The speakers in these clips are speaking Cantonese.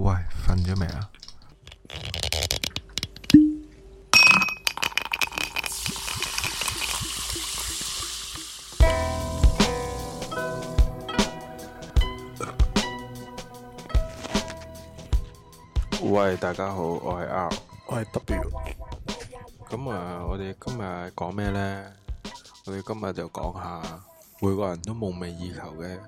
喂，瞓咗未啊？喂，大家好，我係 R，我係 W。咁啊，我哋今日講咩咧？我哋今日就講下每個人都夢寐以求嘅。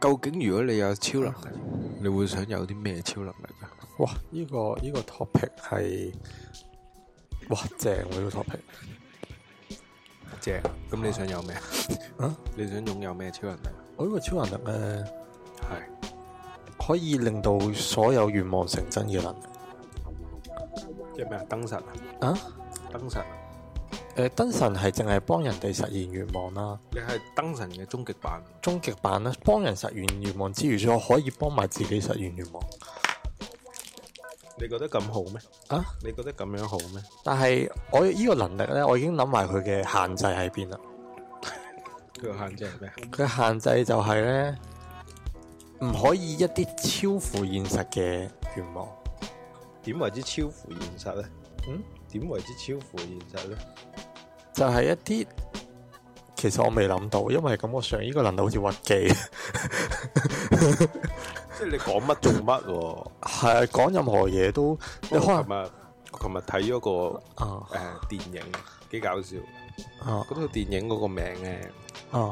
究竟如果你有超能力，你會想有啲咩超能力啊？哇！呢個呢個 topic 係哇正啊，呢個 topic 正。咁你想有咩啊？你想擁有咩超能力？我呢個超能力咧，係可以令到所有願望成真嘅能力。即係咩啊？燈神啊？燈神。誒、呃，燈神係淨係幫人哋實現願望啦。你係燈神嘅終極版，終極版咧，幫人實現願望之餘，我可以幫埋自己實現願望。你覺得咁好咩？啊？你覺得咁樣好咩？但係我呢個能力咧，我已經諗埋佢嘅限制喺邊啦。佢個限制係咩？佢限制就係咧，唔可以一啲超乎現實嘅願望。點爲之超乎現實咧？嗯？點爲之超乎現實咧？就係一啲，其實我未諗到，因為感覺上呢個難度好似屈機，即係你講乜做乜。係呀，講任何嘢都。你可能，琴日睇咗個誒電影，幾搞笑，嗰套電影嗰個名咧，誒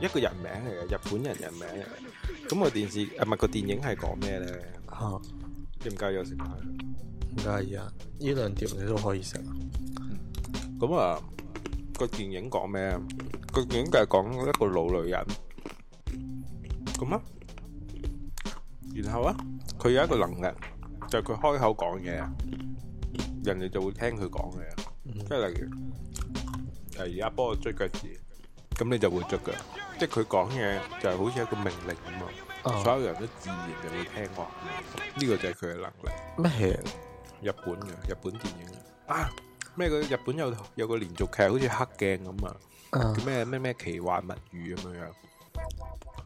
一個人名嚟嘅，日本人人名嚟嘅。咁個電視，係咪個電影係講咩咧？啊，你唔介意我食咩？唔介意啊，呢兩條你都可以食。咁啊，個電影講咩啊？個電影就係講一個老女人咁啊，然後啊，佢有一個能力，就係佢開口講嘢，人哋就會聽佢講嘢，即係例如誒，而家幫我追腳趾，咁你就會捉腳，即係佢講嘢就係好似一個命令咁啊，所有人都自然就會聽我，呢個就係佢嘅能力。咩？日本嘅日本電影啊？咩日本有有個連續劇，好似黑鏡咁啊，叫咩咩咩奇幻物語咁樣樣。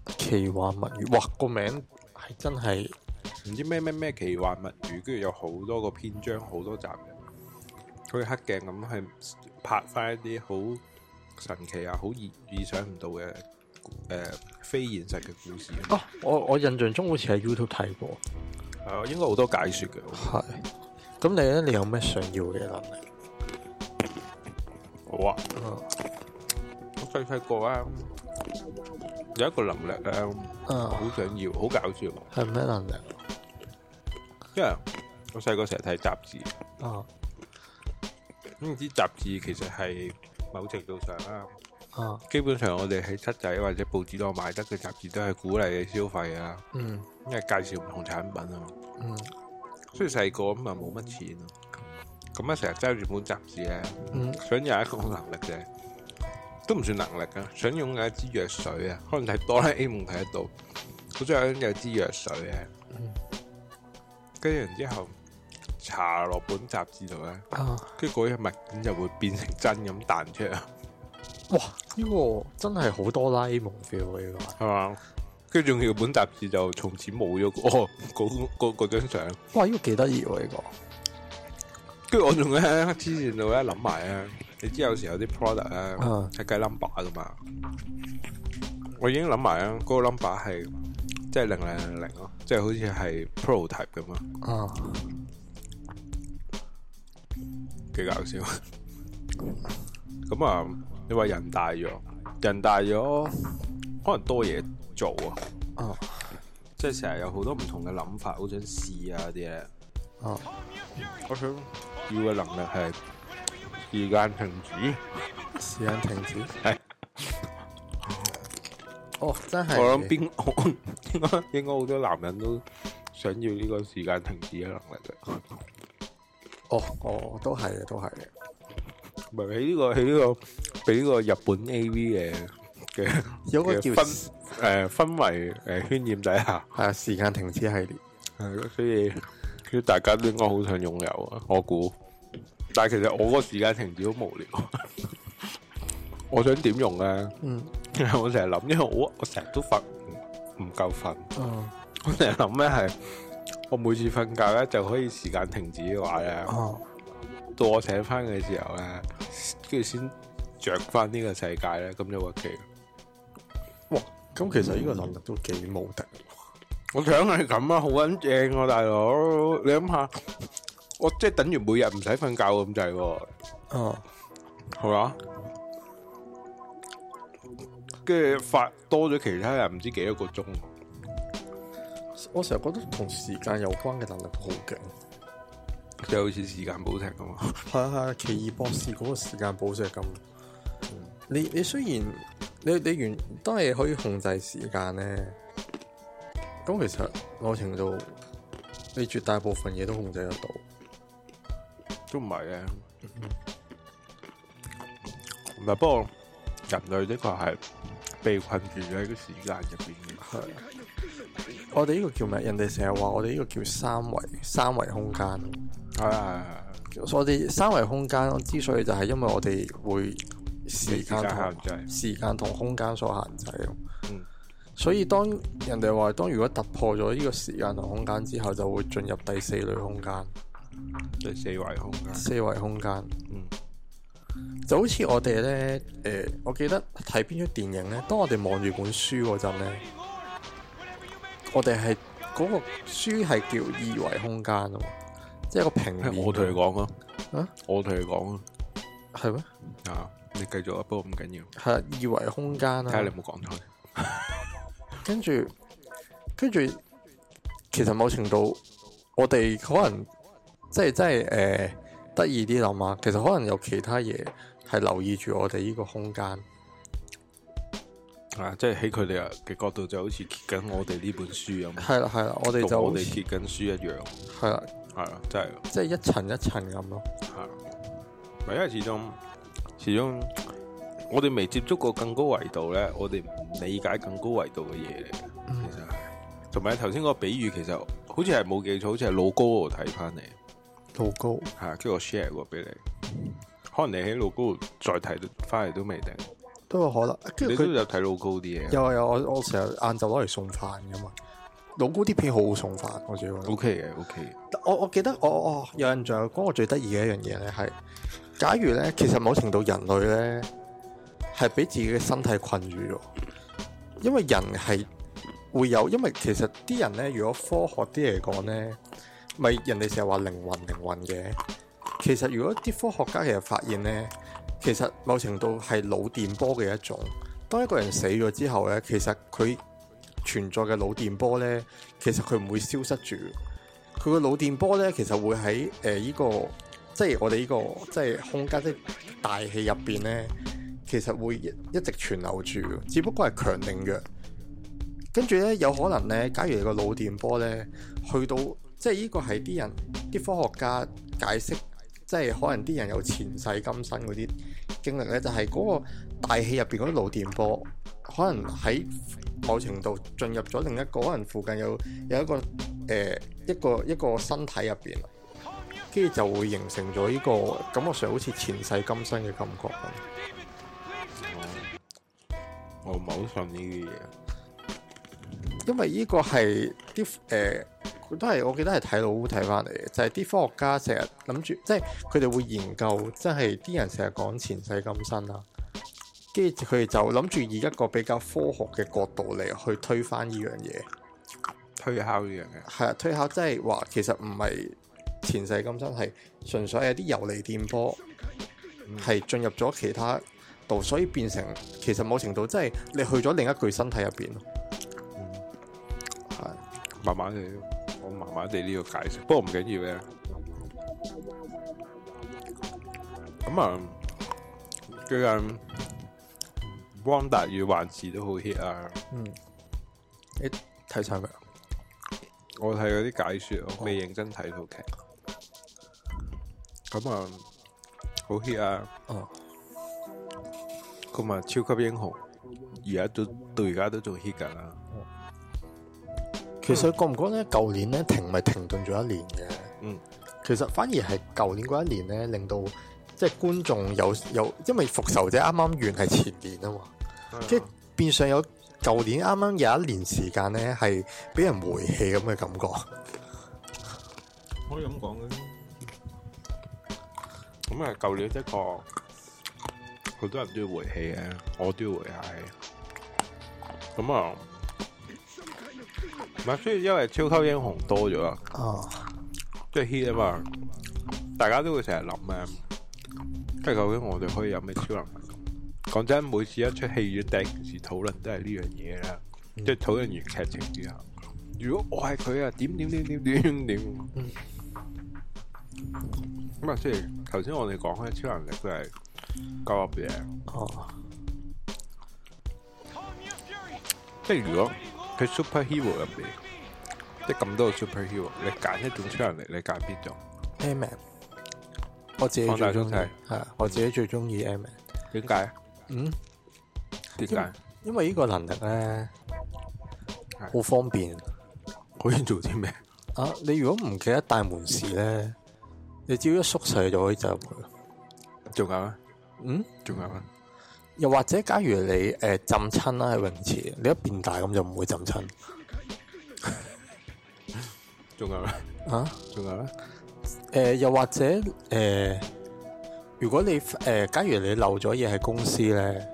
嗯、奇幻物語，哇個名係真係唔知咩咩咩奇幻物語，跟住有好多個篇章，好多集嘅。好似黑鏡咁，係拍翻一啲好神奇啊，好意意想唔到嘅，誒、呃，非現實嘅故事。哦，我我印象中好似喺 YouTube 睇過，係啊，應該好多解說嘅。係，咁你咧，你有咩想要嘅能力？哇！我細細個啊，有一個能力咧，好想要，好搞笑。係咩能力？因為我細個成日睇雜誌。哦。咁唔知雜誌其實係某程度上啦。哦。基本上我哋喺七仔或者報紙檔買得嘅雜誌，都係鼓勵嘅消費啊。嗯。因為介紹唔同產品啊嘛。嗯。雖然細個咁啊，冇乜錢。咁啊，成日揸住本雜誌咧，想有一個能力嘅、嗯，都唔算能力啊，想用嘅一支藥水啊，可能係《哆啦 A 夢》睇得到，嗰張有一支藥水啊，跟住然之後，搽落本雜誌度咧，跟住嗰啲物件就會變成真咁彈出啊！哇，呢、呢個真係好哆啦 A 夢 feel 呢個係嘛？跟住仲要本雜誌就從此冇咗、嗰個嗰嗰嗰張相。哇，呢、呢個幾得意喎呢個！跟住我仲咧之前度咧諗埋啊，你知有時有啲 product 咧係計 number 噶嘛，啊、我已經諗埋啊，嗰、嗰個 number 係即係零零零零咯，即係好似係 prototype 咁啊，幾搞笑。咁啊，你話人大咗，人大咗可能多嘢做啊，即係成日有好多唔同嘅諗法，好想試啊啲嘢，要嘅能力係時間停止，時間停止係。哦，真係我諗邊應該應該好多男人都想要呢個時間停止嘅能力嘅。哦哦，都係啊，都係啊。唔係喺呢個喺呢個俾呢個日本 A V 嘅嘅有個叫誒氛圍誒渲染底下係啊，時間停止系列係，所以。大家都應該好想擁有啊，我估。但係其實我個時間停止好無聊， 我想點用咧、嗯？嗯，我成日諗，因為我我成日都瞓唔夠瞓。我成日諗咧係，我每次瞓覺咧就可以時間停止嘅話咧、嗯，到我醒翻嘅時候咧，跟住先着翻呢個世界咧，咁就 ok。哇！咁其實呢個能力都幾無敵。我想係咁啊，好撚正啊，大佬！你諗下，我即係等於每日唔使瞓覺咁滯喎。哦、啊，好啦，跟住發多咗其他人唔知幾多個鐘。我成日覺得同時間有關嘅能力就好勁，即係好似時間寶石咁啊！係啊係啊，奇異博士嗰個時間寶石咁。你你雖然你你原都係可以控制時間咧。咁其實某程度，你絕大部分嘢都控制得到，都唔係嘅。唔係，不過 人類的確係被困住咗喺個時間入邊嘅。我哋呢個叫咩？人哋成日話我哋呢個叫三維、三維空間。係，我哋三維空間，之所以就係因為我哋會時間、同時間同空間所限制。所以當人哋話，當如果突破咗呢個時間同空間之後，就會進入第四類空間，第四維空間，四維空間，嗯，就好似我哋咧，誒、呃，我記得睇邊出電影咧，當我哋望住本書嗰陣咧，我哋係嗰個書係叫二維空間啊，即係個平面。我同你講啊，啊，我同你講啊，係、啊、咩？啊，你繼續啊，不過唔緊要。係啊，二維空間啊。睇下你冇講出嚟。 跟住，跟住，其實某程度，我哋可能即係，即係，誒、呃，得意啲諗啊！其實可能有其他嘢係留意住我哋呢個空間，啊，即係喺佢哋嘅角度就好似揭緊我哋呢本書咁樣。係啦、啊，係啦、啊，我哋就好似我哋揭緊書一樣。係啦、啊，係啦、啊，真係，即係，一層一層咁咯。係、啊，唔係因為始終，始終。我哋未接觸過更高維度咧，我哋唔理解更高維度嘅嘢嚟嘅，其實係同埋頭先嗰個比喻，其實好似係冇記錯，好似係老高嗰度睇翻你老高嚇，跟住我 share 過俾你，可能你喺老高度再睇翻嚟都未定都有可能、啊。你都有睇老高啲嘢？有啊，有我我成日晏晝攞嚟送飯噶嘛。老高啲片好好送飯，我自己話 OK 嘅 OK。我我記得我我有印象嗰個最得意嘅一樣嘢咧，係假如咧，其實某程度人類咧。係俾自己嘅身體困住咯，因為人係會有，因為其實啲人呢，如果科學啲嚟講呢，咪人哋成日話靈魂靈魂嘅。其實如果啲科學家其實發現呢，其實某程度係腦電波嘅一種。當一個人死咗之後呢，其實佢存在嘅腦電波呢，其實佢唔會消失住。佢個腦電波呢，其實會喺誒呢個即係我哋呢個即係空間即係大氣入邊呢。其實會一一直存留住，只不過係強定弱。跟住呢，有可能呢，假如你個腦電波呢去到，即係呢個係啲人啲科學家解釋，即係可能啲人有前世今生嗰啲經歷呢，就係、是、嗰個大氣入邊嗰啲腦電波，可能喺某程度進入咗另一個，可能附近有有一個誒、呃、一個一個身體入邊，跟住就會形成咗呢、這個感覺上好似前世今生嘅感覺咁。我唔係好信呢啲嘢，因為呢個係啲誒，都係我記得係睇老烏睇翻嚟嘅，就係、是、啲科學家成日諗住，即係佢哋會研究，即係啲人成日講前世今生啦，跟住佢哋就諗住以一個比較科學嘅角度嚟去推翻呢樣嘢，推敲呢樣嘢，係啊，推敲即係話其實唔係前世今生，係純粹係啲游離電波係、嗯、進入咗其他度，所以變成其實某程度即係你去咗另一具身體入邊咯。嗯，係麻麻地，我麻麻地呢個解釋，不過唔緊要嘅。咁啊，最近汪達與幻視都好 hit 啊。嗯，你睇晒佢，我睇嗰啲解說、哦，我未認真睇套劇。咁啊，好 hit 啊！嗯。嗯嗯咁啊！超級英雄而家都到，而家都仲 hit 噶。其實覺唔覺咧？舊年咧停咪停頓咗一年嘅。嗯。其實反而係舊年嗰一年咧，令到即係觀眾有有，因為復仇者啱啱完係前年啊嘛。嗯。即係變相有舊年啱啱有一年時間咧，係俾人回氣咁嘅感覺。可以咁講嘅。咁啊，舊年一個。好多人都要回氣嘅，我都要回。係。咁啊，唔咪所以因為超級英雄多咗啊，oh. 即係 hit 啊嘛，大家都會成日諗咩，即係究竟我哋可以有咩超能力？講 真，每次一出戲院第一件事討論都係呢樣嘢啦，mm. 即係討論完劇情之後，如果我係佢啊，點點點點點點，點。咁、嗯、啊，雖然頭先我哋講開，超能力都係。搞下邊哦，即係如果佢 super hero 入邊，即係咁多 super hero，你揀一種出嚟，你揀邊種 Ant-Man，我自己最中意係，我自己最中意 Ant-Man。點、okay. 解嗯，點解？因為呢個能力咧，好方便可以做啲咩啊？你如果唔記得帶大門匙咧，你只要一縮細就可以走入去，仲有咩？嗯，仲有咩？又或者，假如你誒浸親啦喺泳池，你一變大咁就唔會浸親。仲有咩？啊？仲有咩？誒，又或者誒，如果你誒，假如你漏咗嘢喺公司咧，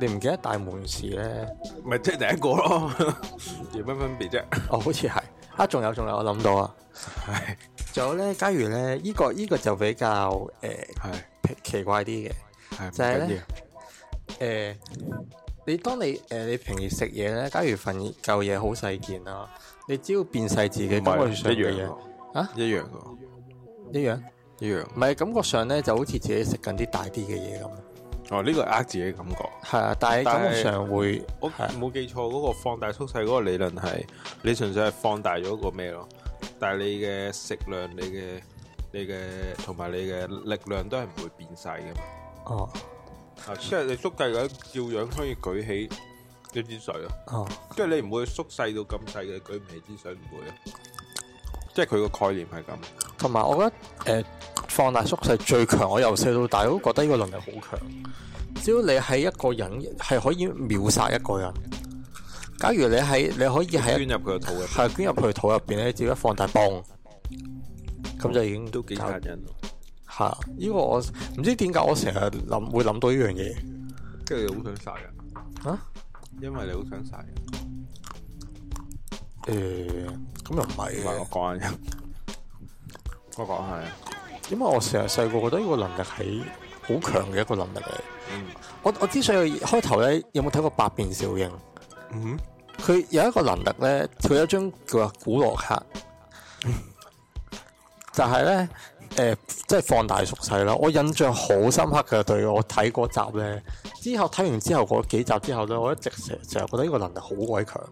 你唔記得大門匙咧，咪即係第一個咯？有乜分別啫？哦，好似係。啊，仲有，仲有，我諗到啊。係，仲有咧，假如咧，依個依個就比較誒。係。奇怪啲嘅，就係咧，誒，你當你誒你平時食嘢咧，假如份舊嘢好細件啊，你只要變細自己，感覺上一樣嘢，啊，一樣噶，一樣，一樣的，唔係感覺上咧就好似自己食緊啲大啲嘅嘢咁。哦，呢個呃自己感覺，係啊，但係感覺上會，我冇記錯嗰個放大縮細嗰個理論係，你純粹係放大咗個咩咯？但係你嘅食量，你嘅。你嘅同埋你嘅力量都係唔會變細嘅嘛？哦，啊，即係你縮細嘅，嗯、照樣可以舉起啲支水咯，啊。哦即、啊，即係你唔會縮細到咁細嘅，舉唔起支水唔會咯。即係佢個概念係咁。同埋我覺得誒、呃，放大縮細最強。我由細到大都覺得呢個能力好強。只要你係一個人，係可以秒殺一個人，假如你喺你可以喺，係捐入佢嘅肚面捐入肚面，係捐入佢嘅肚入邊咧，只要一放大泵。咁就已經都幾殺人咯！嚇、啊，因、這個、我唔知點解我成日諗會諗到呢樣嘢，因為你好想殺人啊！因為你好想殺人。誒、欸，咁又唔係唔係我講緊人，我講係，因為我成日細個覺得呢個能力係好強嘅一個能力嚟。我我之所以開頭咧有冇睇過百變小櫻？嗯，佢有，有、嗯、有一個能力咧，佢有一張叫話古羅卡。》 但係咧，誒，即係放大縮細啦。我印象好深刻嘅，對我睇嗰集咧，之後睇完之後嗰幾集之後咧，我一直成成日覺得呢個能力好鬼強，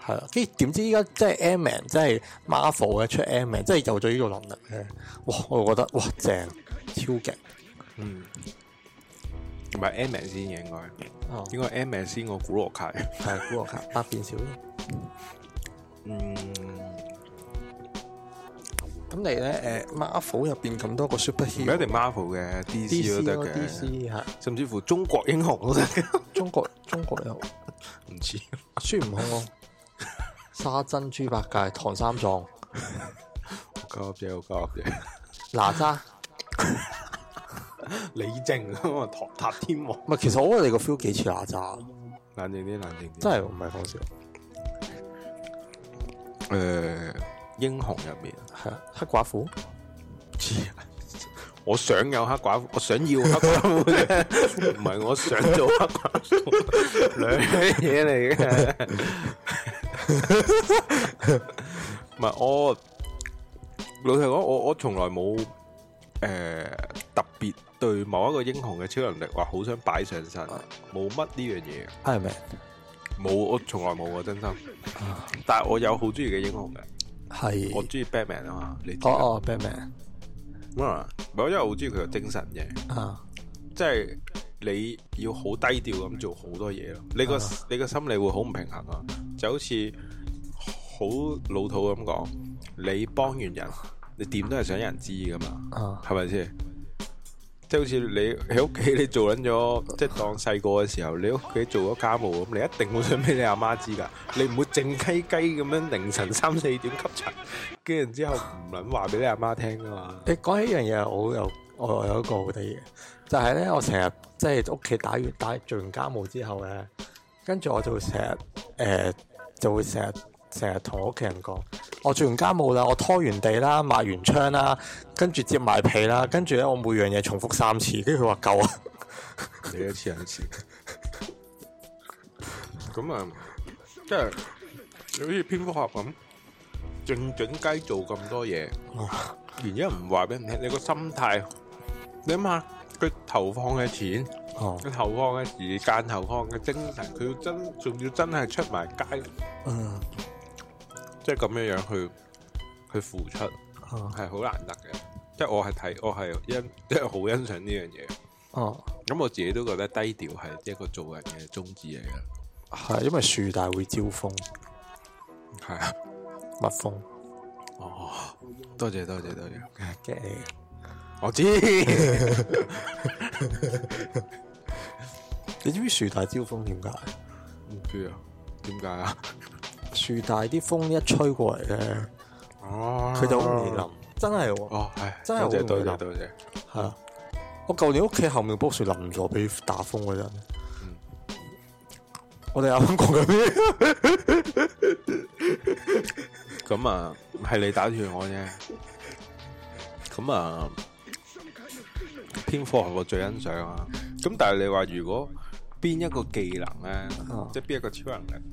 係啊，跟住點知依家即係 Ant Man，即係 Marvel 嘅出 Ant Man，即係有咗呢個能力咧。哇！我又覺得哇，正超勁，嗯，唔係 Ant Man 先嘅應該、哦，應該 Ant Man 先的羅的，個古羅卡，係古羅卡，八點少，嗯。咁嚟咧，誒、欸、Marvel 入邊咁多個 superhero，唔、啊、一定 Marvel 嘅 DC 都得嘅，DC，啊 DC 啊、甚至乎中國英雄都得，中國中國有唔似孫悟空咯，沙僧、豬八戒、唐三藏，膠嘅，膠嘅，哪吒、李靖唐塔天王。唔係，其實我覺得你個 feel 幾似哪吒，冷靜啲，冷靜啲真係唔係講笑。誒、嗯、～英雄入面，黑寡婦，知啊！我想有黑寡婦，我想要黑寡婦，唔係我想做黑寡婦，兩樣嘢嚟嘅。唔係我老實講，我我從來冇誒特別對某一個英雄嘅超能力話好想擺上身，冇乜呢樣嘢，係咪？冇，我從來冇啊！真心，但係我有好中意嘅英雄嘅。係，我中意 Batman 啊，你知哦 b a t m a n 乜啊？唔、oh, 係、oh,，因為我好中意佢個精神嘅。啊，即係你要好低調咁做好多嘢咯。你個、uh, 你個心理會好唔平衡啊，就好似好老土咁講，你幫完人，你點都係想有人知噶嘛，係咪先？即係好似你喺屋企，你做緊咗，即係當細個嘅時候，你屋企做咗家務，咁你一定會想俾你阿媽知㗎。你唔會靜雞雞咁樣凌晨三四點吸塵，跟住之後唔能話俾你阿媽聽㗎嘛。你講起樣嘢，我有我有一個好得意嘅，就係咧，我成日即係屋企打完打做完家務之後咧，跟住我就會成日誒就會成日。成日同屋企人講，我做完家務啦，我拖完地啦，抹完窗啦，跟住接埋被啦，跟住咧我每樣嘢重複三次，跟住佢話夠啊，你一次一次，咁 啊，即係好似蝙蝠俠咁正整雞做咁多嘢，原因唔話俾人聽，你個心態，你諗下佢投放嘅錢，佢投放嘅時間，投放嘅精神，佢真仲要真係出埋街。嗯即係咁樣樣去去付出，係好難得嘅、啊。即係我係睇，我係欣即係好欣賞呢樣嘢。哦、啊，咁我自己都覺得低調係一個做人嘅宗旨嚟嘅。係，因為樹大會招風。係啊，蜜蜂。哦，多謝多謝多謝。o、okay. 我知。 你知唔知樹大招風點解？唔知啊？點解啊？樹大啲風一吹過嚟咧，哦、啊，佢就易冧，真係喎、哦，哦，係，多謝多謝多謝，係啊，我舊年屋企後面棵樹冧咗，俾打風嗰陣、嗯，我哋阿峰講緊咩？咁 啊，係你打斷我啫，咁啊，天科學我最欣賞啊，咁但係你話如果邊一個技能咧、啊，即係邊一個超能力？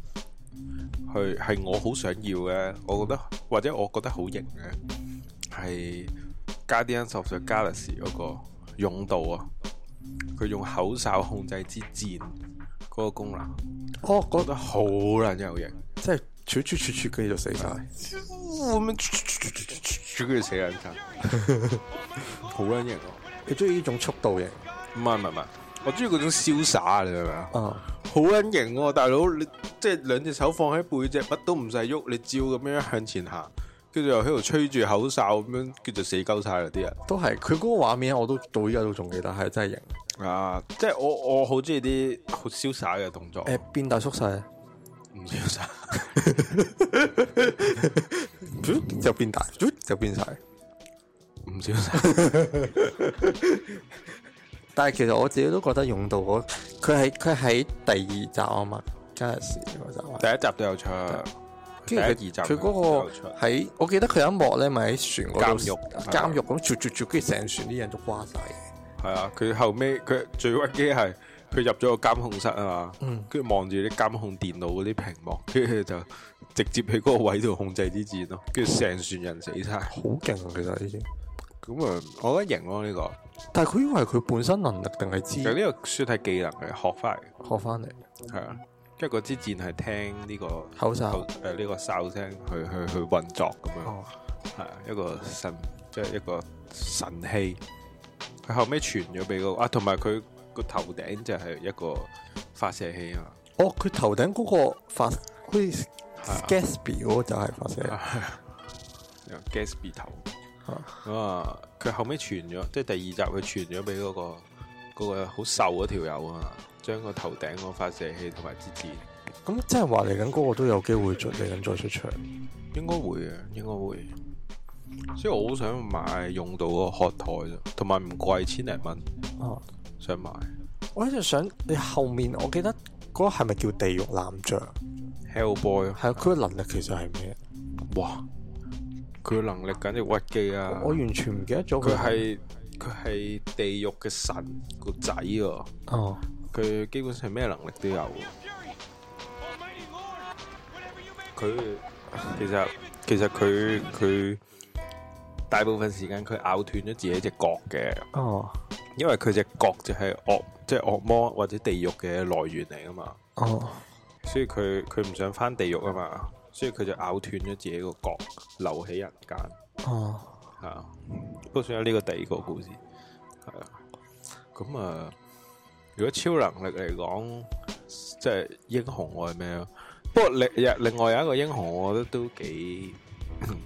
去係我好想要嘅，我覺得或者我覺得好型嘅，係 Guardian of the Galaxy 嗰個勇度啊，佢用口哨控制支箭嗰個功能，哦、我覺得好撚，有型，即係咄咄咄咄佢就死晒，咁樣咄咄咄咄咄咄佢就死兩層，好撚型，佢中意呢種速度型，唔係唔係。我中意嗰種瀟灑，啊，你明唔明啊？好，uh, 型型哦，大佬，你即係兩隻手放喺背脊，乜都唔使喐，你照咁樣向前行，跟住又喺度吹住口哨咁樣，叫做死鳩晒嗰啲人。都係，佢嗰個畫面我都到依家都仲記得，係真係型啊！Uh, 即係我我好中意啲好瀟灑嘅動作。誒、uh，變大縮細，唔瀟灑。咗 就變大，就變晒，唔瀟灑。 但係其實我自己都覺得用到嗰佢係佢喺第二集啊嘛，Galaxy 嗰集，第一集都有出，跟住第二集佢嗰、嗰個喺、啊、我記得佢一幕咧，咪喺船嗰度監獄監獄咁住住住，跟住成船啲人都瓜晒。嘅。係啊，佢後尾，佢最屈機係佢入咗個監控室啊嘛，跟住望住啲監控電腦嗰啲屏幕，跟住就直接喺嗰個位度控制啲字咯，跟住成船人死晒。嗯、好勁啊！其實呢啲咁啊，我覺得型咯呢個。但係佢以為佢本身能力定係知，其、這、呢個算係技能嘅，學翻嚟，學翻嚟，係啊。跟住嗰支箭係聽呢、這個口哨，誒呢、啊這個哨聲去去去運作咁樣，係、哦啊、一個神，即係一個神器。佢後尾傳咗俾個啊，同埋佢個頭頂就係一個發射器啊。哦，佢頭頂嗰個發，佢 Gatsby 就係、是、發射、啊、Gatsby 頭。啊！佢、啊、後尾傳咗，即係第二集佢傳咗俾嗰個、嗰個好瘦嗰條友啊，將個頭頂個發射器同埋支箭。咁、嗯、即係話嚟緊嗰個都有機會再嚟緊再出場，應該會啊，應該會。所以我好想買用到嗰個殼台同埋唔貴，千零蚊。哦、啊，想買。我一直想，你後面我記得嗰個係咪叫地獄男爵 Hellboy？係啊，佢嘅能力其實係咩？哇！佢能力簡直屈機啊，佢係！我完全唔記得咗佢係佢係地獄嘅神個仔喎。哦，佢基本上咩能力都有。佢其實其實佢佢大部分時間，佢咬斷咗自己隻角嘅。哦，因為佢隻角就係惡即係、就係、惡魔或者地獄嘅來源嚟噶嘛。哦，所以佢佢唔想翻地獄啊嘛。所以佢就咬斷咗自己個角，留喺人間哦。係啊，都、嗯、算係呢個第二個故事。係啊，咁啊，如果超能力嚟講，即、就、係、是、英雄愛咩咯？不過另另外有一個英雄，我覺得都幾，嗯、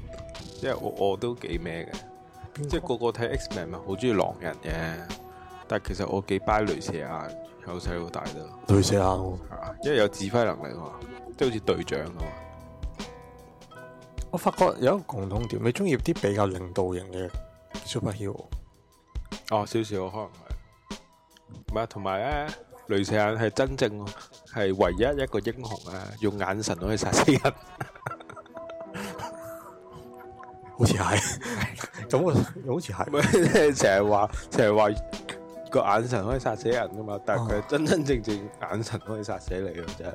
因為我我都幾咩嘅，即係個、就是、個睇 Xman 咪好中意狼人嘅，但係其實我幾拜鐳射眼，由細到大都鐳射眼，係、啊、因為有指揮能力啊嘛，即、就、係、是、好似隊長咁啊。我發覺有一個共同點，你中意啲比較領導型嘅 superhero？哦，少少可能係，唔係啊？同埋咧，雷射眼係真正係唯一一個英雄啊！用眼神可以殺死人，好似係，咁啊，又好似係，唔係即係成日話成日話個眼神可以殺死人噶嘛？但係佢係真真正正眼神可以殺死你噶，真係。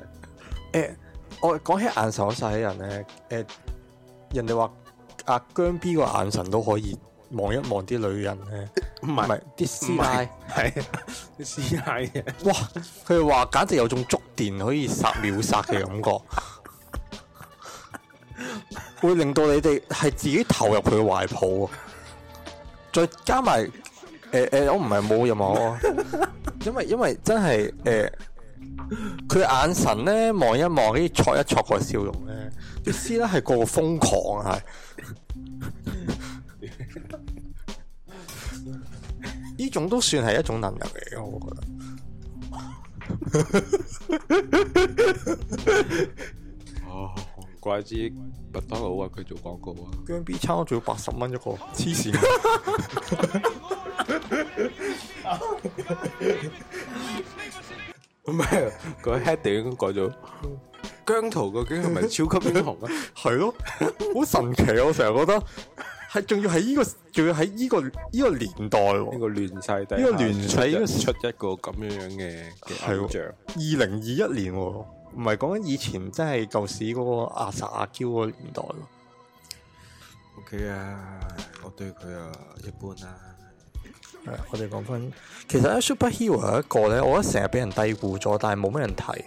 誒，我講起眼神可以殺死人咧，誒。人哋話阿姜 B 個眼神都可以望一望啲女人咧，唔係啲師奶，係啲師奶嘅。是 不是 哇！佢哋話簡直有種觸電可以殺秒殺嘅感覺， 會令到你哋係自己投入佢嘅懷抱。再加埋誒誒，我唔係冇任何，因為因為真係誒，佢、呃、眼神咧望一望，啲戳一戳個笑容咧。B B 咧，係個個瘋狂啊，係呢種都算係一種能力嘅，我覺得。哦，怪之麥當勞啊，佢做廣告啊！姜 B 餐，仲要八十蚊一個，黐線。唔係，佢一頂改咗。姜濤究竟係咪超級英雄啊？係 咯、哦，好神奇！ 我成日覺得係，仲要喺呢、這個，仲要喺呢、這個呢個年代呢個亂世，呢個亂世出一個咁樣樣嘅嘅形象。二零二一年，唔係講緊以前，即係舊時嗰個阿 Sa 阿嬌個年代。O、okay、K 啊，我對佢啊一般啦。係，我哋講翻，其實咧、啊、Super Hero 一個咧，我覺得成日俾人低估咗，但係冇咩人睇。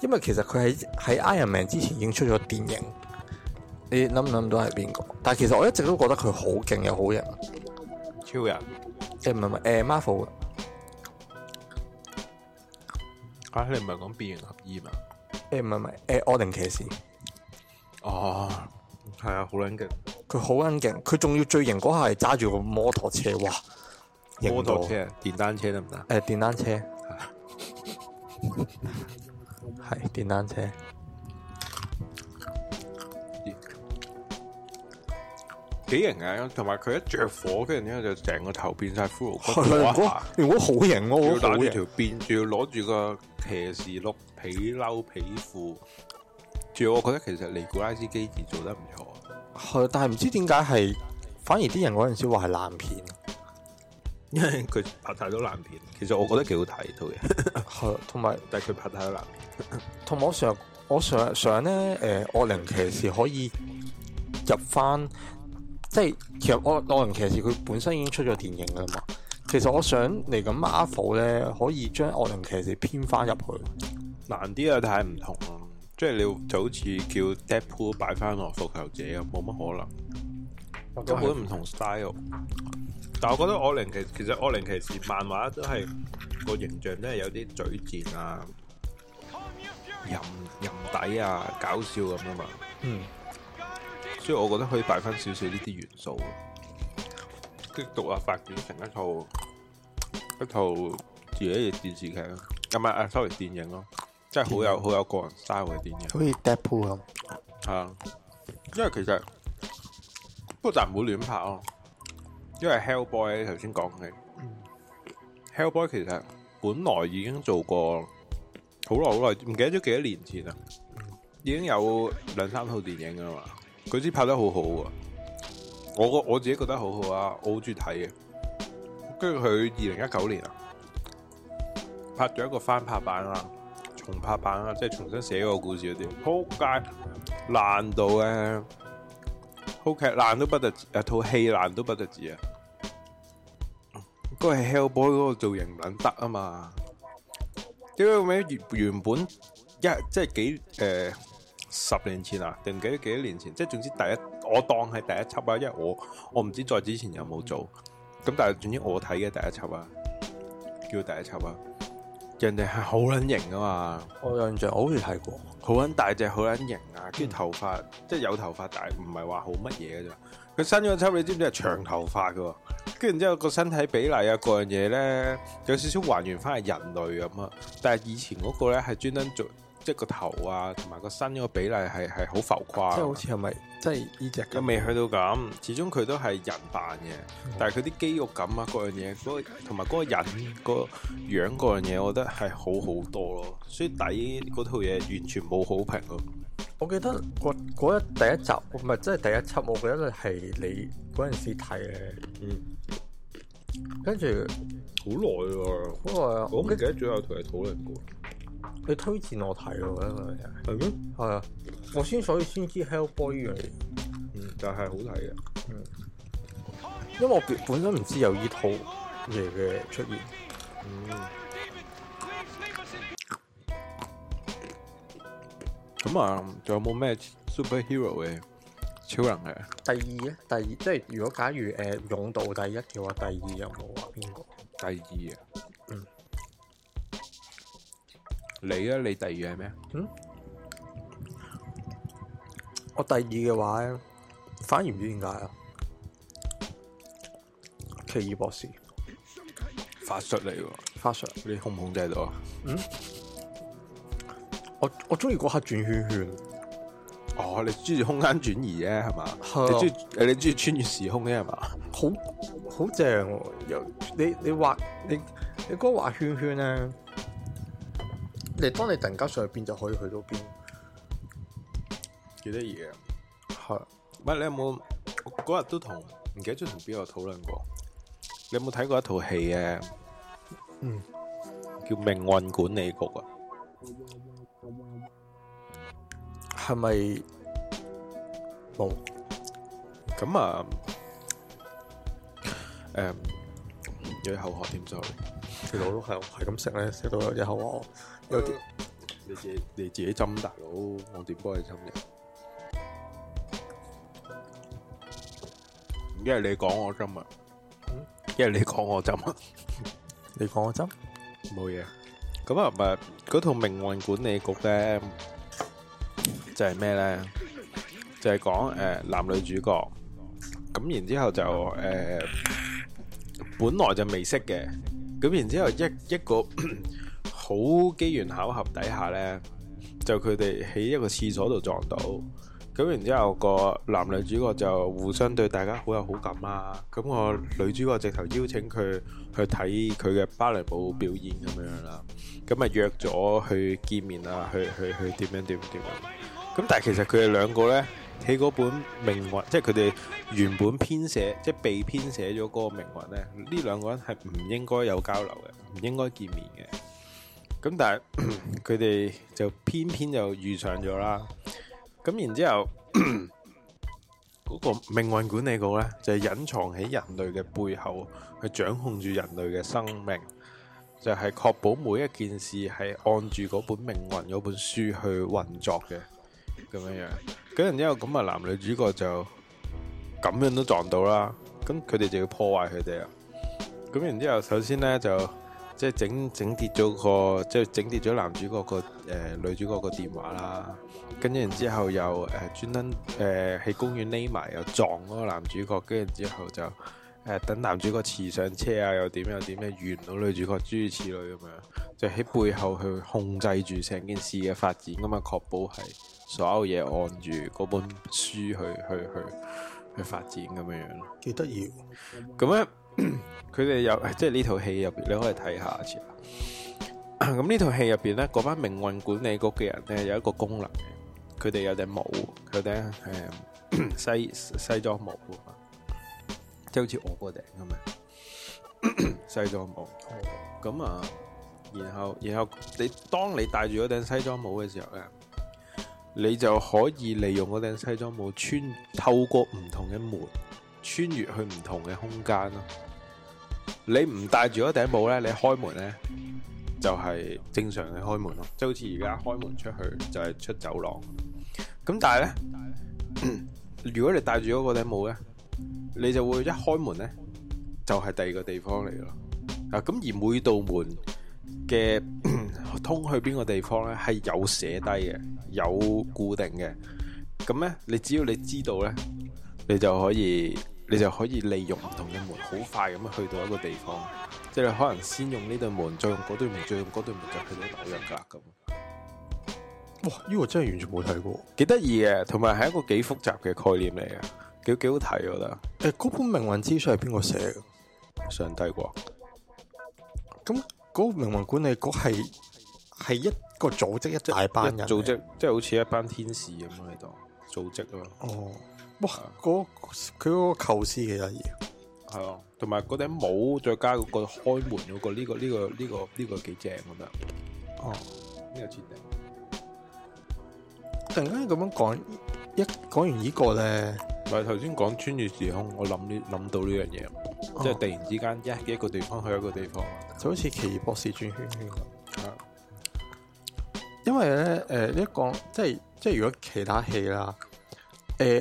因為其實佢喺喺 Iron Man 之前已經出咗電影，你諗唔諗到係邊個？但係其實我一直都覺得佢好勁又好型，超人。誒唔係唔係，誒、欸、Marvel。啊你唔係講《變形合異變形俠醫》嘛，欸？誒唔係唔係，誒惡靈騎士。哦，係啊，好撚勁！佢好撚勁，佢仲要最型嗰下係揸住個摩托車哇！摩托車、電單車得唔得？誒、欸，電單車。 係電單車，幾型啊！同埋佢一着火，跟住咧就成個頭變晒骷髏骨。如果好型哦！要打條好要住條辮，仲要攞住個騎士鹿皮褸皮褲。仲要我覺得其實尼古拉斯基治做得唔錯。係，但係唔知點解係，反而啲人嗰陣時話係爛片。因為佢拍太多爛片，其實我覺得幾好睇套嘢。同埋、嗯、但係佢拍太多爛片。同我成日，我成日想咧，誒，惡靈騎士可以入翻，即係其實惡惡靈騎士佢本身已經出咗電影噶啦嘛。其實我想嚟緊，Marvel 咧可以將惡靈騎士編翻入去。難啲啊，但係唔同，即係你就好似叫 Deadpool 擺翻落復仇者咁，冇乜可能，根本唔同 style，嗯。嗯嗯但我覺得惡靈騎士，其實惡靈騎士漫畫都係個、嗯、形象都係有啲嘴賤啊、陰陰底啊、搞笑咁啊嘛，嗯，所以我覺得可以擺翻少少呢啲元素，激毒啊發展成一套一套自己嘅電視劇，咁、嗯、啊啊 sorry 電影咯、啊，真係好有好有個人 style 嘅電影，可以 Deadpool 啊，係啊，因為其實不過但唔好亂拍咯、啊。因為 Hellboy 咧，頭、嗯、先講起 Hellboy，其實本來已經做過好耐好耐，唔記得咗幾多年前啦，已經有兩三套電影噶嘛，佢啲拍得好好啊，我我自己覺得好好啊，我好中意睇嘅。跟住佢二零一九年啊，拍咗一個翻拍版啊，重拍版啊，即係重新寫個故事嗰啲，撲街爛到咧。難套劇爛都不得止，啊套戲爛都不得止啊！嗰個係 Hellboy 嗰個造型唔卵撚得啊嘛！點解咁樣？原原本一即係幾誒十年前啊，定唔記得幾多年前？即係總之第一，我當係第一輯啊，因為我我唔知再之前有冇做，咁但係總之我睇嘅第一輯啊，叫第一輯啊！人哋係好撚型噶嘛！我印象好似睇過。好撚大隻，好撚型啊！跟住頭髮、嗯、即係有頭髮，但係唔係話好乜嘢嘅啫。佢伸咗出嚟，你知唔知係長頭髮嘅？跟住然之後個身體比例啊，各樣嘢咧有少少還原翻係人類咁啊。但係以前嗰個咧係專登做。即係個頭啊，同埋個身嗰個比例係係好浮誇。即係好似係咪？即係呢隻？又未去到咁，始終佢都係人扮嘅、嗯。但係佢啲肌肉感啊，各樣嘢，嗰個同埋嗰個人、嗰個樣嗰、嗯、樣嘢，我覺得係好好多咯。所以底嗰套嘢完全冇好評嘅。我記得嗰嗰一第一集唔係，即係第一輯，我記得係你嗰陣時睇嘅。嗯，跟住好耐喎，好耐啊！我，我記得最後同你討論過。你推薦我睇喎，因為係咩？係啊，我先所以先知 Hellboy 嚟，樣嗯，就係好睇嘅，嗯，因為我本身唔知有呢套嘢嘅出現，嗯。咁啊，仲有冇咩 superhero 嘅超人嘅？第二咧，第二即係如果假如誒、呃、勇盜第一嘅話，第二有冇啊？邊個？第二啊，嗯。你咧，你第二係咩？嗯，我第二嘅話咧，反而唔知點解啊。奇異博士，法術嚟嘅喎。法術，你控唔控制到啊？嗯，我我中意嗰刻轉圈圈。哦，你中意空間轉移啫，係嘛？你中意你你中意穿越時空咧，係嘛？好好正，哦，又你你畫你你哥畫圈圈咧。你當你突然間想去邊，就可以去到邊，幾多嘢，係唔係？你有冇嗰日都同唔記得咗同邊個討論過？你有冇睇過一套戲咧？嗯，叫命運管理局啊？係咪冇咁啊？誒，有啲口渴添，就其實我都係係咁食咧，食到有啲口渴，有啲，你自己你自己斟大佬，我點幫你斟咧？因為你講我斟啊，因為你講我斟啊，你講我斟，冇嘢。咁啊唔係嗰套命運管理局咧，就係咩咧？就係講誒男女主角，咁然之後就誒本來就未識嘅，咁然之後一一個。好機緣巧合底下呢，就佢哋喺一個廁所度撞到，咁然之後個男女主角就互相對大家好有好感啊！咁個女主角直頭邀請佢去睇佢嘅芭蕾舞表演咁樣啦，咁咪約咗去見面啊，去去去點樣點樣點樣？咁但係其實佢哋兩個呢喺嗰本命運，即係佢哋原本編寫即係被編寫咗嗰個命運呢，呢兩個人係唔應該有交流嘅，唔應該見面嘅。咁但係佢哋就偏偏就遇上咗啦，咁然之後嗰個命運管理局呢，就隱藏喺人類嘅背後，去掌控住人類嘅生命，就係確保每一件事係按住嗰本命運嗰本書去運作嘅咁樣樣。咁然之後咁啊，男女主角就咁樣都撞到啦，咁佢哋就要破壞佢哋啊。咁然之後首先呢，就。即係整整跌咗個，即係整跌咗男主角個誒、呃、女主角個電話啦，跟住然之後又誒專登誒喺公園匿埋，又撞嗰個男主角，跟住之後就誒、呃、等男主角遲上車啊，又點又點咧，遇唔到女主角諸如此類咁樣，就喺背後去控制住成件事嘅發展，咁啊確保係所有嘢按住嗰本書去去去去發展咁樣樣咯，幾得意咁咧。 佢哋有即係呢套戲入邊，你可以睇下一次。咁 呢套戲入邊咧，嗰班命運管理局嘅人咧有一個功能嘅，佢哋有頂帽，佢頂誒西西裝帽即係好似我嗰頂咁樣，西裝帽， 帽。咁 啊，然後然後，然後你當你戴住嗰頂西裝帽嘅時候咧，你就可以利用嗰頂西裝帽穿透過唔同嘅門，穿越去唔同嘅空間咯。你唔戴住嗰頂帽咧，你開門咧就係正常嘅開門咯，即係好似而家開門出去就係出走廊。咁但係咧，如果你戴住嗰個頂帽咧，你就會一開門咧就係第二個地方嚟咯。啊，咁而每道門嘅通去邊個地方咧係有寫低嘅，有固定嘅。咁咧，你只要你知道咧，你就可以。你就可以利用唔同嘅門，好快咁樣去到一個地方。即係你可能先用呢對門，再用嗰對門，再用嗰對門就去到紐約噶啦咁。哇！呢、呢個真係完全冇睇過，幾得意嘅，同埋係一個幾複雜嘅概念嚟嘅，幾幾好睇我覺得。誒、欸，嗰本《命運之書》係邊個寫嘅？上帝啩？咁嗰、嗰個命運管理局係係一個組織，一,一大班人組織，即係好似一班天使咁喺度組織咯。哦。哇！佢嗰個構思幾得意，係啊，同埋嗰頂帽再加嗰個開門嗰、嗰個，呢、這個呢、這個呢、這個呢、這個幾正的啊！得哦，呢個設定。突然間咁樣講，一講完個呢個咧，唔係頭先講穿越時空，我諗呢諗到呢樣嘢，即係突然之間一一個地方去一個地方，就好似奇異博士轉圈圈咁、啊。因為咧誒，你、呃這個、即係即係，如果其他戲啦。誒、欸，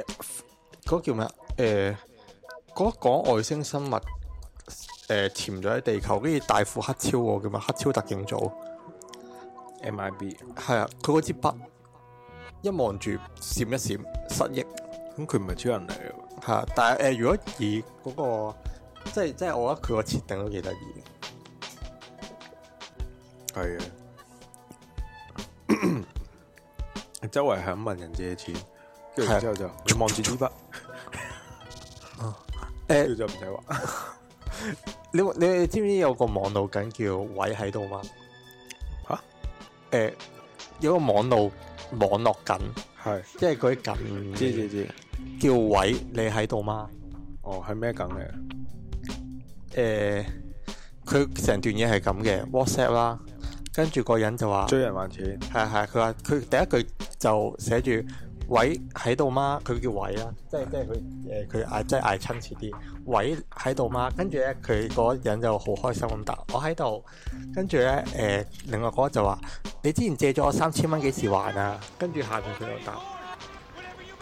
嗰、那個、叫咩啊？誒、欸，嗰、那、講、個、外星生物誒，潛咗喺地球，跟住大副黑超喎，叫咩？黑超特警組 MIB 係啊，佢嗰支筆一望住閃一閃失憶，咁佢唔係超人嚟嘅。吓，但係誒、欸，如果以嗰、那個即係即係，我覺得佢個設定都幾得意。係啊 ，周圍係咁問人借錢。跟住之後就佢望住支筆。哦，誒，就唔使話。你你知唔知有個網絡梗叫位喺度嗎？吓？誒，有個網絡網絡梗係即係啲梗知知知叫位，你喺度嗎？哦，係咩梗嚟？誒，佢成段嘢係咁嘅 WhatsApp 啦，跟住個人就話追人還錢，係係佢話佢第一句就寫住。喂，喺度嗎，佢叫偉啦、啊，即係即係佢，誒、呃，佢嗌即係嗌親切啲。喂，喺度嗎，跟住咧，佢嗰人就好開心咁答：我喺度。跟住咧，誒、呃，另外嗰個就話：你之前借咗我三千蚊，幾時還啊？跟住下面佢又答：誒、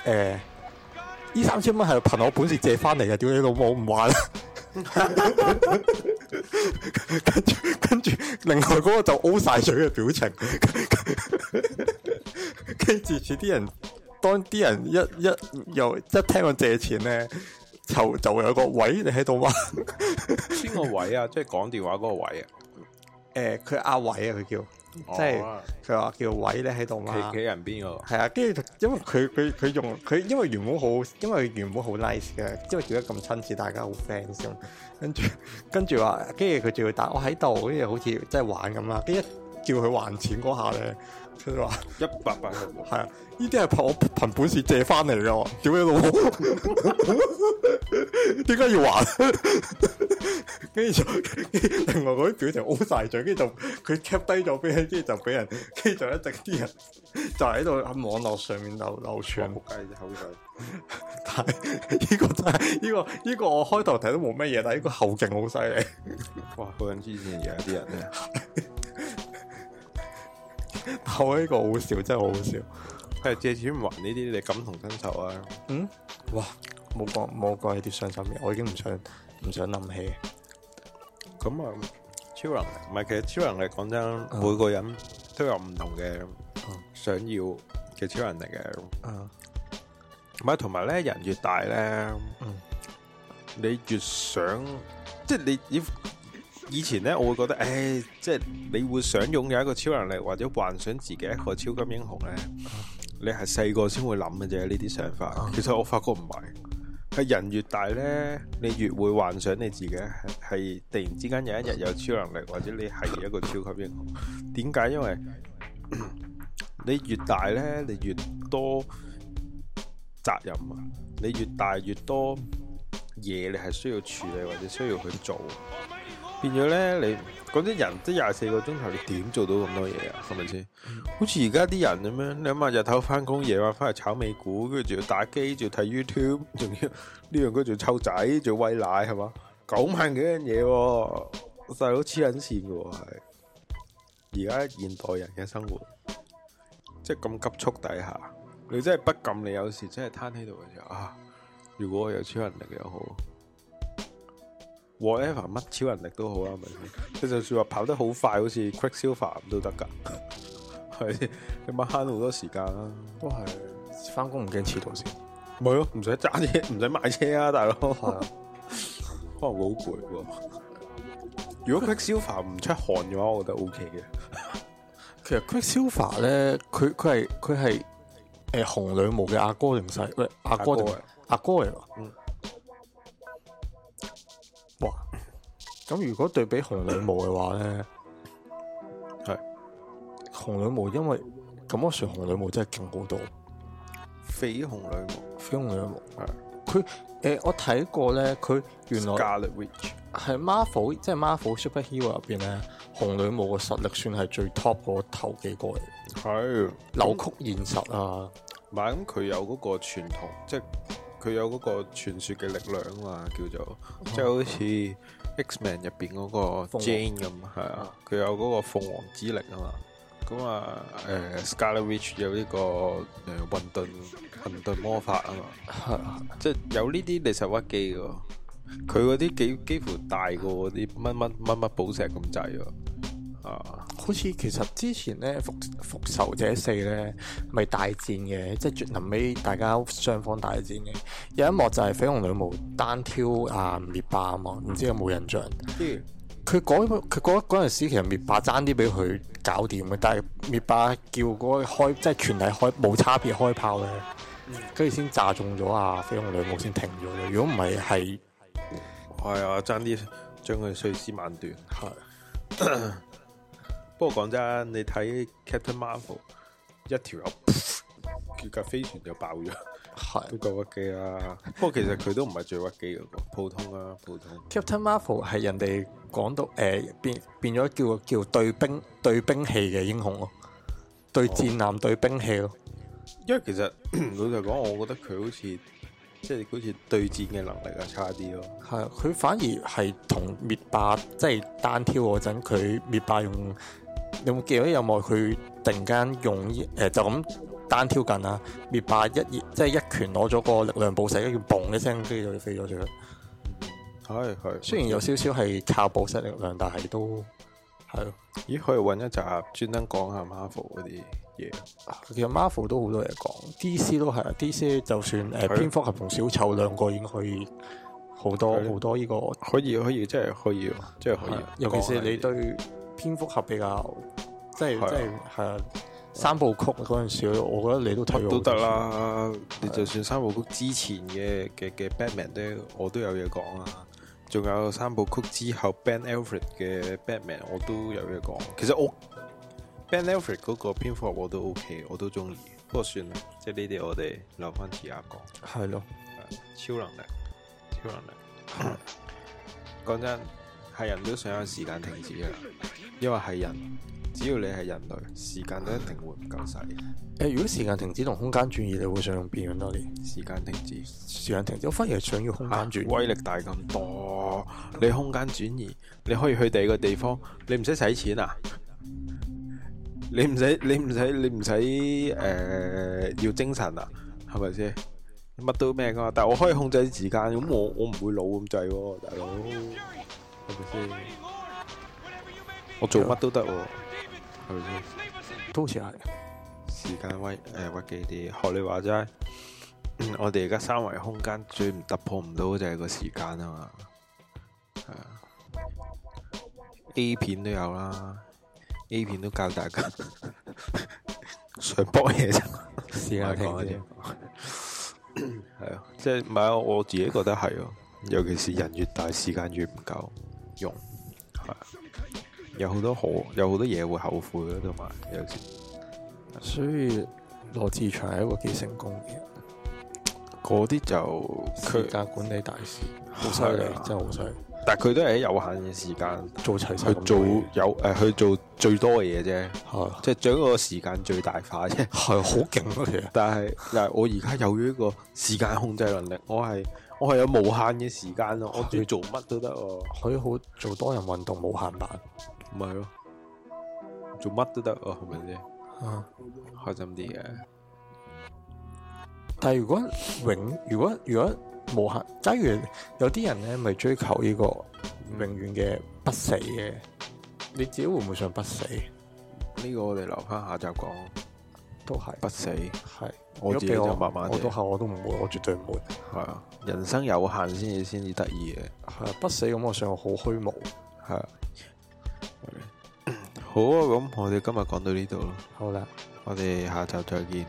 呃，呢三千蚊係憑我本事借翻嚟嘅，屌你老母唔還啦、啊！ 跟住跟住，另外嗰個就 O 晒嘴嘅表情， 跟住住啲人。當啲人一一,一又一聽我借錢咧，就就會有個位， 位，啊，你喺度嗎？邊個位啊？即係講電話嗰個位啊？誒，佢阿偉啊，佢、就是、叫，即係佢話叫偉，你喺度嗎？企企人邊、個？係啊，跟住因為佢佢佢用佢，因為原本好，因為原本好 nice 嘅，因為住得咁親切，大家好 friend 先。跟住跟住話，跟住佢仲要打我喺度，跟住好似即係玩咁啦。跟住一叫佢還錢嗰下咧。佢就話一百萬係啊，呢啲係我憑本事借翻嚟噶，點解老？點 解 要還？跟住就另外嗰啲表情好晒嘴，跟住就佢 cap 低咗俾人，跟住就俾人，跟住就一直啲人就喺度喺網絡上面流流傳。冇計，口勁。但係呢個真係呢個呢個，我開頭睇都冇咩嘢，但係呢個後勁好犀利。哇，好捻黐線嘢啲人啊！ 我呢個好笑，真係好笑。係借錢唔還呢啲，你感同身受啊！嗯，哇，冇講冇講呢啲傷心嘢，我已經唔想唔想諗起。咁啊，超能力，唔係其實超能力講真，每個人都有唔同嘅想要嘅超能力嘅。啊，唔係同埋咧，人越大咧，嗯，你越想即係你。以前咧，我會覺得，誒、欸，即係你會想擁有一個超能力，或者幻想自己一個超級英雄呢？你係細個先會諗嘅啫，呢啲想法。其實我發覺唔係，係人越大呢，你越會幻想你自己係突然之間有一日有超能力，或者你係一個超級英雄。點解？因為你越大呢，你越多責任啊，你越大越多嘢，你係需要處理或者需要去做。變咗咧，你講啲人，即廿四個鐘頭，你點做到咁多嘢啊？係咪先？好似而家啲人咁樣，你諗下日頭翻工，夜晚翻嚟炒美股，跟住仲要打機，仲要睇 YouTube，仲要呢樣叫做要湊仔，仲喂奶，係嘛？九萬幾樣嘢，細佬黐捻線喎。係。而家現代人嘅生活，即係咁急促底下，你真係不禁你有時真係攤喺度想啊！如果我有超能力又好。Whatever 乜超能力都好啦，咪 即就算話跑得好快，好似 Quick Silver 咁都得噶，係 你咪慳好多時間啦，都係翻工唔驚遲到先， 係咯，唔使揸車，唔使買車啊，大佬， 可能會好攰喎。如果 Quick Silver 唔出汗嘅話，我覺得 OK 嘅。其實 Quick Silver 咧，佢佢係佢係誒紅女巫嘅阿哥定唔使？喂，阿哥定阿哥嚟、啊？嗯。咁如果對比紅女巫嘅話咧，係 紅女巫，因為咁我說紅女巫真係勁好多。緋紅女巫，緋紅女巫係佢誒，我睇過咧，佢原來係 Marvel，即係、Scarlet Witch、Marvel Super Hero 入邊咧，紅女巫嘅實力算係最 top 嗰頭幾個嚟。係扭、啊、曲現實啊，唔係咁佢有嗰個傳統，即係佢有嗰個傳說嘅力量啊，嘛，叫做即係、啊、好似。X-Men 入邊嗰個 Jane 咁，係啊，佢有嗰個鳳凰之力啊嘛，咁啊誒 Scarlet Witch 有呢個誒混沌混沌魔法啊嘛，即係有呢啲你實屈機㗎喎，佢嗰啲幾幾乎大過啲乜乜乜乜寶石咁滯喎。啊、uh，好似其實之前咧《復復仇者四呢》咧，咪大戰嘅，即係臨尾大家雙方大戰嘅。有一幕就係緋紅女巫單挑阿、啊、滅霸啊嘛，唔知有冇印象？佢嗰佢嗰陣時其實滅霸爭啲俾佢搞掂嘅，但係滅霸叫嗰個開即係全體開冇差別開炮咧，跟住先炸中咗阿緋紅女巫先停咗。如果唔係係係啊，爭啲將佢碎屍萬段。 不過講真，你睇 Captain Marvel 一條有佢架飛船就爆咗，都夠屈機啦、啊。 不過其實佢都唔係最屈機嘅，普通啊，普通。Captain Marvel 係人哋講到誒、呃、變變咗叫叫對兵對兵器嘅英雄咯、哦，對戰艦、哦、對兵器咯、哦。因為其實老實講，我覺得佢好似即係好似對戰嘅能力係差啲咯、哦。係，佢反而係同滅霸即係、就是、單挑嗰陣，佢滅霸用。你有冇記得有冇佢突然間用誒、呃、就咁單挑緊啊？滅霸一即係一拳攞咗個力量寶石，一拳嘣一聲飛咗飛咗出去。係係，雖然有少少係靠寶石力量，但係都係咯。咦？可以揾一集專登講下 Marvel 嗰啲嘢。其實 Marvel 都好多嘢講，DC 都係啊。DC 就算誒蝙蝠俠同小丑兩個已經可以好多好多呢、這個，可以可以即係可以，即係可,可,可以。尤其是你對。對蝙蝠俠比較即係即係係三部曲嗰陣，啊、時，我覺得你都睇都得啦，啊啊。你就算三部曲之前嘅嘅嘅 Batman 咧，我都有嘢講啦。仲有三部曲之後 Ben Alfred 嘅 Batman，我都有嘢講。其實我 Ben Alfred 嗰個蝙蝠俠我都 OK，我都中意。不過算啦，即係呢啲我哋留翻遲啊講。係咯，超能力，超能力。講 真，係人都想有時間停止嘅。因為係人，只要你係人類，時間都一定會唔夠使。誒、欸，如果時間停止同空間轉移，你會想用邊樣多啲？時間停止，時間停止，我反而係想要空間轉移，啊，威力大咁多。你空間轉移，你可以去第二個地方，你唔使使錢啊，你唔使，你唔使，你唔使誒要精神啊，係咪先？乜都咩㗎嘛？但我可以控制時間，咁我我唔會老咁滯喎，大佬，係咪先？我做乜都得喎，啊，係咪先？都似係時間屈誒屈幾啲學你話齋，我哋而家三維空間最唔突破唔到就係個時間啊嘛，係啊 A 片都有啦，A 片都教大家想博嘢就試下聽下先， 係啊，即係唔係啊？我自己覺得係啊，尤其是人越大，時間越唔夠用，係啊。有好多好，有好多嘢會後悔咯，同埋有，有時。所以羅志祥係一個幾成功嘅人，嗰啲就時間管理大師，好犀利，真係好犀利。但係佢都係喺有限嘅時間做齊，去做有誒去，呃、做最多嘅嘢啫，即係將個時間最大化啫，係好勁咯，其實。但係嗱， 但係我而家有咗一個時間控制能力，我係我係有無限嘅時間咯，我仲要做乜都得哦，佢可以好做多人運動，無限版。唔係咯，做乜都得啊，係咪先？吓，開心啲嘅。但係如果永，嗯、如果如果無限，假如有啲人咧，咪追求呢個永遠嘅不死嘅，你自己會唔會想不死？呢、個我哋留翻下集講。都係不死，係。我自己就慢慢我，我都吓，我都唔會，我絕對唔會。係啊，人生有限先至先至得意嘅。吓、啊，不死咁，我想我好虛無。吓、啊。好啊，咁我哋今日講到呢度咯。好啦，我哋下集再見。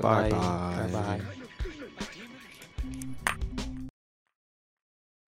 拜拜，拜拜。